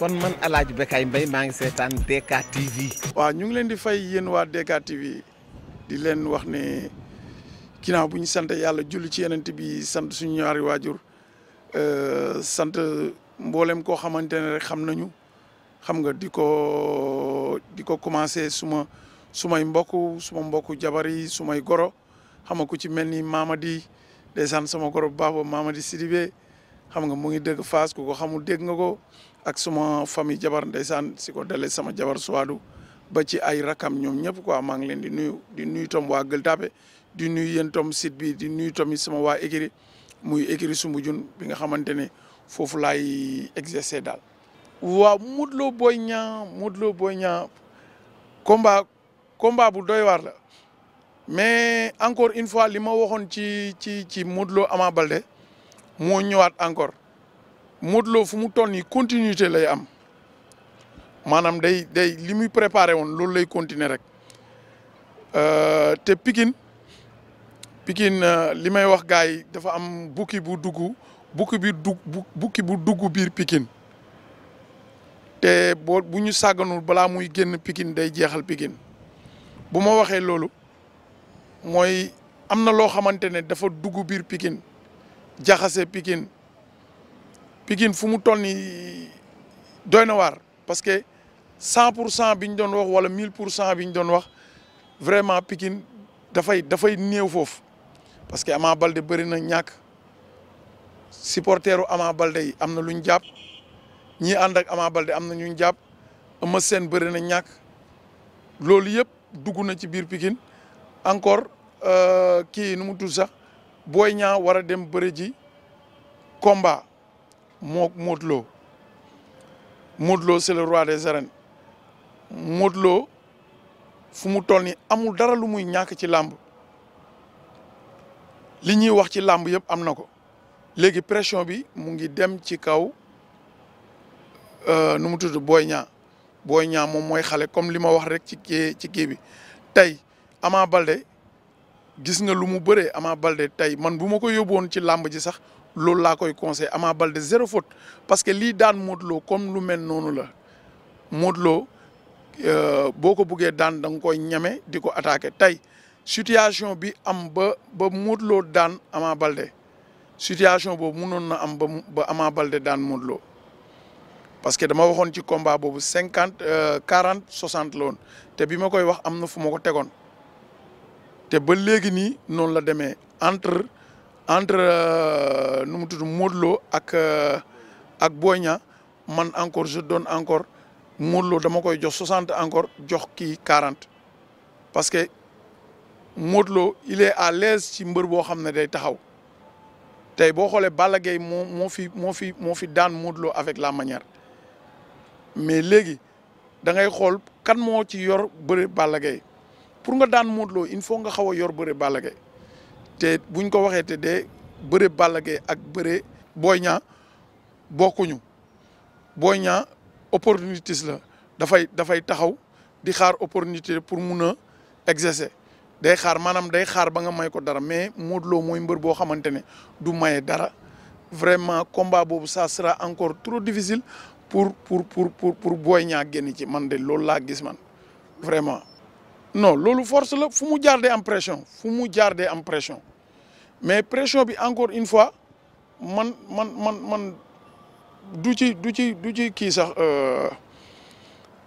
kon man El Hadj ay mbay maa ngi seetaan DK TV. waaw ñu ngi leen di fay yéen waa DK TV di leen wax ne ginnaaw bu ñu sant yàlla julli ci yeneen bi sant suñu ñaari waajur euh, sant mboolem koo xamante ne rek xam nañu xam nga di ko di ko commencé suma sumay mbokku suma mbokku jabar yi sumay goro xam nga ku ci mel ni Mamadi ndeysaan sama goro bu baax ba Mamadi Sidibé xam nga mu ngi dëgg Fass ku ko xamul dégg nga ko. ak suma famille jabar ndeysaan si ko dalee sama jabar suwaadu ba ci ay rakam ñoom ñëpp quoi maa ngi leen di nuy di nuyu tom waa Gueule Tapée di nuyu yéen tom site bi di nuyu tamit sama waa écurie muy écurie Soumbédioune bi nga xamante ne foofu laay exercer daal. waaw Modou booy Boy Niang Modou ñaa Boy Niang combat combat bu doy waar la mais encore une fois li ma waxoon ci ci ci Modou Lo Ama Baldé moo ñëwaat encore. Modou Lo fu mu toll nii continuité lay am maanaam day day li muy préparé woon loolu lay continuer rek euh, te pikin pikin euh, li may wax gars yi dafa am bukki bu dugg bukki bi dug bukki bu dugg biir pikin te boo bu ñu sàgganul balaa muy génn pikin day jeexal pikin bu ma waxee loolu mooy am na loo xamante ne dafa dugg biir pikin jaxase pikin Pikine fu mu toll nii doy na waar parce que cent pour cent bi ñu doon wax wala mille pour cent bi ñu doon wax vraiment Pikine dafay dafay néew foofu parce que Ama balde bëri na ñàkk supporteru Ama Baldé am na lu ñu jàpp ñi ànd ak Ama Baldé am na ñuñ ñu jàpp Eumeu Sène bëri na ñàkk loolu yëpp dugg na ci biir Pikine encore euh, kii nu mu tudd sax booy ñaa war a dem bëri ji combat. moo Modou Lo Modou Lo c'est le roi des arènes Modou fu mu toll ni amul dara lu muy ñàkk ci làmb li ñuy wax ci làmb yëpp am na ko léegi pression bi mu ngi dem ci kaw euh, nu mu tudd Boy ñaa Boy Niang moom mooy xale comme li ma wax rek ci kii ci kii bi tey Ama Balde gis nga lu mu bëree Ama Balde tey man bu ma ko yóbboon ci làmb ji sax loolu laa koy conseil Ama balde zéro faute parce que lii daan Modou Lo lu mel noonu la Modou euh, boo ko buggee daan danga koy ñame di ko attaqué tey situation bi am ba ba Modou daan Ama Baldé situation boobu mu mënoon na am ba ba Ama Baldé daan Modou parce que dama waxoon ci combat boobu cinquante euh, quarante soixante la te bi ma koy wax am na fu ma ko tegoon te ba léegi nii noonu la demee entre. entre euh, nu mu tudd Modou Lo ak euh, ak Boy man encore je donne encore Modou Lo dama koy jox 60 encore jox kii quarante parce que Modou Lo il est à l'aise ci mbër boo xam ne day taxaw tey boo xoolee Balla Gaye moo fi moo fi moo fi daan Modou Lo avec la manière mais léegi dangay xool kan moo ci yor bëre Balla Gaye pour nga daan Modou Lo il faut nga xaw a yor bëre Balla Gaye te buñ ko waxee te de bëre Balla ak bëre Boy Niang bokkuñu booy Niang opportunité la dafay dafay taxaw di xaar opportunité pour mun a exercer day xaar maanaam day xaar ba nga may ko dara mais Modou Lo mooy mbër boo xamante ne du maye dara vraiment combat boobu ça sera encore trop difficile pour pour pour pour pour Boy Niang génn ci man de loolu laa gis man vraiment. non loolu force la fu mu jaar dee am pression fu mu jaar am pression mais pression bi encore une fois man man man man du ci du ci du ci kii sax euh,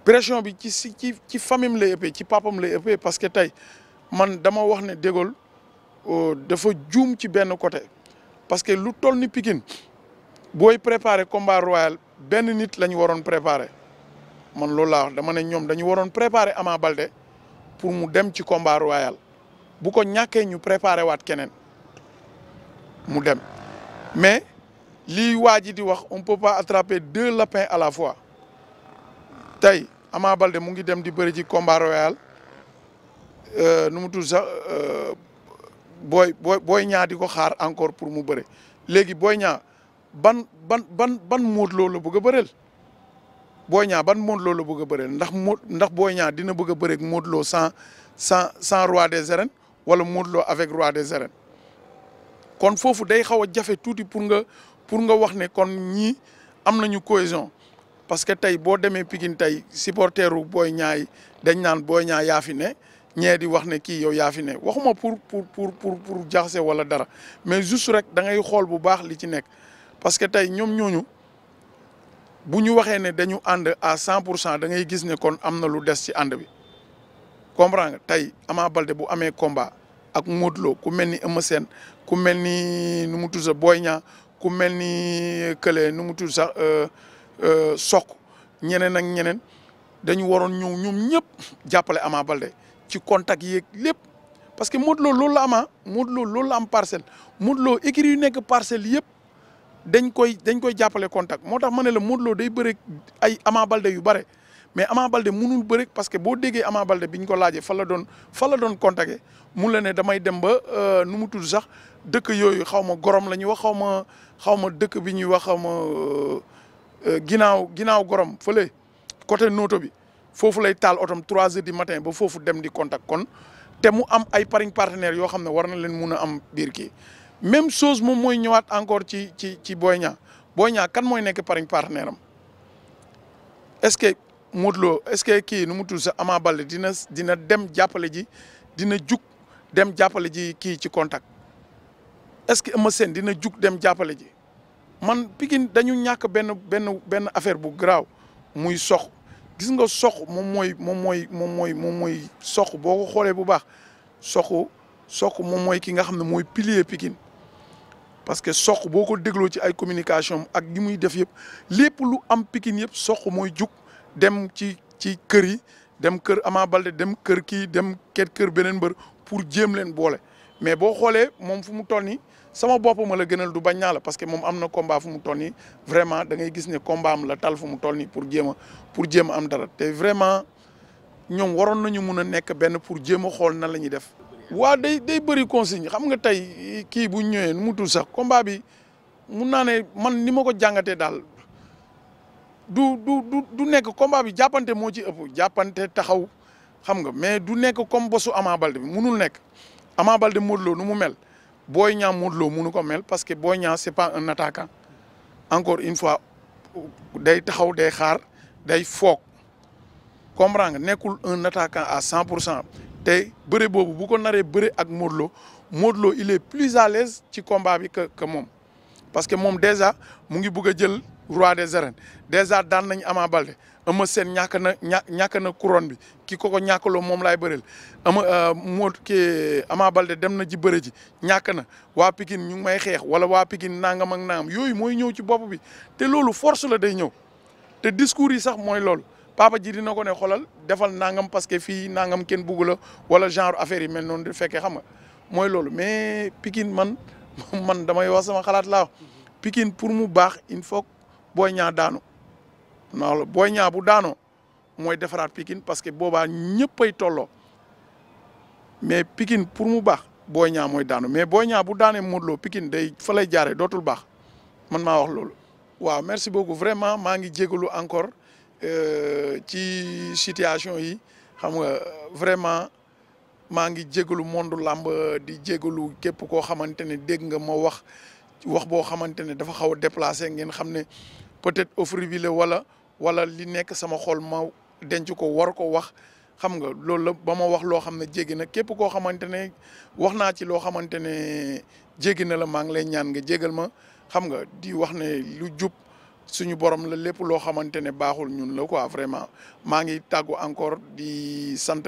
pression bi ci si ci ci la lay ci papam la ëppee parce que tey man dama wax ne De Gaulle euh, dafa juum ci benn côté parce que lu toll ni Pikine booy préparer combat royal benn nit la ñu waroon préparer man loolu laa wax dama ne ñoom dañu waroon préparer Ama Baldé pour mu dem ci combat royal bu ko ñàkkee ñu préparer waat keneen mu dem mais li waa ji di wax on peut pas attraper deux lapins à la fois tey Ama balde mu ngi dem di bëri ci combat royal euh, nu mu tudd sax euh, booy booy booy ñaa ko xaar encore pour mu bëre léegi booy ñaa ban ban ban ban Modou bëgg a bëreel Boy Niang ban Modou Lo la bëgg a ndax mu ndax Boy Niang dina bëgg a bëreeg Modou Lo sans sans roi des arènes wala Modou Lo avec roi des arènes kon foofu day xaw a jafe tuuti pour nga pour nga wax ne kon ñii am nañu cohésion parce que tey boo demee Pikine tey supporteru booy ñaay dañ naan Boy Niang yaa fi ne ñee di wax ne kii yow yaa fi ne waxuma pour pour pour pour pour jaxase wala dara mais juste rek da ngay xool bu baax li ci nekk parce que tey ñoom ñooñu. bu ñu waxee ne dañu ànd à cent pour cent dangay gis ne kon am na lu des ci ànd bi comprendre tey Ama Baldé bu amee combat ak Modou Lo ku mel ni Eumeu ku mel ni nu mu tudd sax Boy Niang ku mel ni Kële nu mu tudd sax euh, euh, ñeneen ak ñeneen dañu waroon ñëw ñoom ñëpp jàppale Ama Baldé ci contact yeeg lépp parce que Modou Lo loolu la ama ah, Modou loolu la am parcelle Modou Lo écurie yu nekk parcelle yëpp. dañ koy dañ koy jàppale contact moo tax ma ne la Modou Lo day bëre ay Ama Baldé yu bare mais Ama Baldé munul bëre parce que boo déggee Ama Baldé bi ñu ko laajee fan la doon fan la doon contacté mun la ne damay dem ba euh, nu mu tudd sax dëkk yooyu xaw ma gorom la ñuy wax xawma xaw ma dëkk bi ñuy wax xaw ma euh, euh, ginnaaw ginnaaw gorom fële côté noto bi foofu lay taal otom trois heures di matin ba foofu dem di contact kon te mu am ay pariñ partenaires yoo xam ne war na leen mun a am biir kii même chose moom mooy ñëwaat encore ci ci ci booy Niang Boy Niang kan mooy nekk pariñ partenaire am est-ce que Modou est-ce que kii nu mu tudd sa Ama Baldé dina dina dem jàppale ji dina jug dem jàppale ji kii ci contact est-ce que Eumeu dina jug dem jàppale ji man Pikine dañu ñàkk benn benn benn affaire bu garaaw muy sox gis nga sox moom mooy moom mooy moom mooy moom mooy sox boo xoolee bu baax soxu sox moom mooy kii nga xam ne mooy pilier Pikine parce que soq boo ko dégloo ci ay communication ak li muy def yëpp lépp lu am pikin yëpp soq mooy jug dem ci ci kër yi dem kër amaa Baldé dem kër kii dem ket kër beneen mbër pour jéem leen boole mais boo xoolee moom fu mu toll nii sama bopp ma la gënal du bañ naa la parce que moom am na combat fu mu toll nii vraiment da ngay gis ne combat la tal fu mu toll nii pour jéem pour jéem a am dara te vraiment ñoom waroon nañu mun a nekk benn pour jéem a xool nan la ñuy def. waa day day bëri consigne xam nga tey kii bu ñëwee nu mu tudd sax combat bi mun naa ne man ni ma ko jàngatee daal du du du nekk combat bi jàppante moo ci ëpp jàppante taxaw xam nga mais du nekk comme bosu Ama Baldé bi munul nekk Ama Baldé Modou nu mu mel booy Niang Modou munu ko mel parce que Boy Niang c'est pas un nataaka encore une fois day taxaw day xaar day foog comprendre nga nekkul un attaquant à cent pour cent te bëre boobu bu ko naree bëre ak Modou Lo Modou Lo il est plus à l'aise ci combat bi que que moom parce que moom déjà mu ngi bëgg a jël roi des arènes déjà daan nañ Ama seen Eumeu ñàkk na ña ñàkk na couronne bi ki ko ko ñàkkaloo moom laay bëreel ama moo ke Ama Baldé dem na ji bëre ji ñàkk na waa Pikine ñu ngi may xeex wala waa Pikine nangam ak nangam yooyu mooy ñëw ci bopp bi te loolu force la day ñëw te discours yi sax mooy loolu papa ji dina ko ne xolal defal nangam parce que fii nangam kenn bugg la wala genre affaire yi mel noonu di fekkee xam nga mooy loolu mais Pikine man man damay wax sama xalaat laa Pikine pour mu baax il faut Boy Niang daanu non Boy Niang bu mooy defaraat Pikine parce que boobaa ñëppay tolloo mais Pikine pour mu baax Boy Niang mooy daanu mais Boy Niang bu daanee Modou Lo Pikine day fa lay jaaree dootul baax man maa wax loolu. waaw merci beaucoup vraiment maa ngi jégalu encore. Euh, ci situation yi xam nga vraiment maa ngi jégalu monde làmb di jégalu képp koo xamante ne dégg nga ma wax wax boo xamante ne dafa xaw a déplacé ngeen xam ne peut-être offre bi la wala wala li nekk sama xol ma denc ko war ko wax xam nga loolu la ba ma wax loo xam ne jéggi na képp koo xamante ne wax naa ci loo xamante ne jéggi na la maa ngi lay ñaan nga jégal ma xam nga di wax ne lu jub. suñu borom la lépp loo xamante ne baaxul ñun la quoi vraiment maa ngi tàggu encore di sant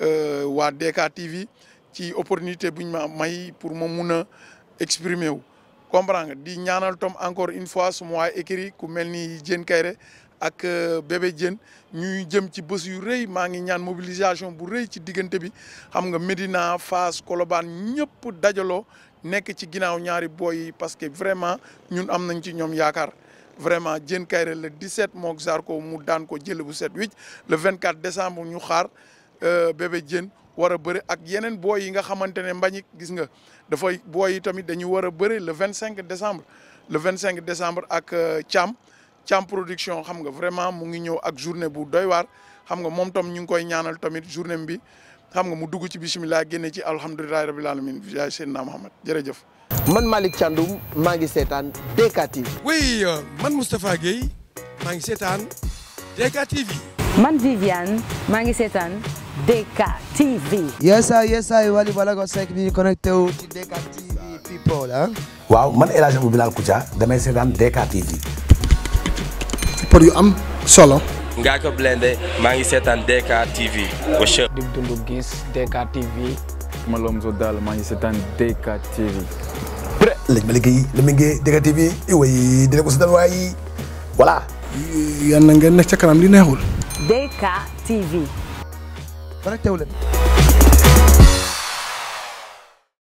euh, waa DK TV ci opportunité buñ ma may pour ma mun a exprimer wu. comprendre nga di ñaanal tom encore une fois su ma écrit ku mel ni Diène Kairé ak euh, bébé Diène ñu jëm ci bés yu rëy maa ngi ñaan mobilisation bu rëy ci diggante bi xam nga Médina Fass Colobane ñëpp dajaloo nekk ci ginnaaw ñaari boy yi parce que vraiment ñun am nañ ci ñoom yaakaar. vraiment Diène Kairé le 17 mook Zarko mu daan ko jël bu set wicc le vingt 24 décembre ñu xaar euh, bébé Diène war a bëri ak yeneen booy yi nga xamante ne mbañik gis nga dafay booy yi tamit dañu war a bëri le 25 décembre le cinq décembre ak euh, Thiam Thiam production xam nga vraiment mu ngi ñëw ak journée bu doy waar xam nga moom tam ñu ngi koy ñaanal tamit journée bi xam nga mu dugg ci bisimilah génne ci alhamdulilah rabil alamin yaay Seydina Mohamed man Malick maa ngi seetaan DK TV. oui euh, man Moustapha Guèye maa ngi seetaan DK TV. man Viviane maa ngi seetaan DK TV. yesa yesa Wally Ballago Seck bi connecté wu ci DK people ah. waaw man El Hadj Abou Bilal Koutia damay seetaan DK pour yu am solo. ngaa ko blende maa ngi seetaan DK TV. Dip Doundou Guiss DK TV. Malomzo Dal maa ngi seetaan DK TV. pré léegi Malick yi la mu ngi DK TV way dina ko seetaan waay voilà. yàlla na ngeen nekk ca kanam li neexul. DK TV.